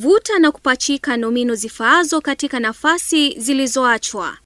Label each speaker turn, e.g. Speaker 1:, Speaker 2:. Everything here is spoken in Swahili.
Speaker 1: vuta na kupachika nomino zifaazo katika nafasi zilizoachwa.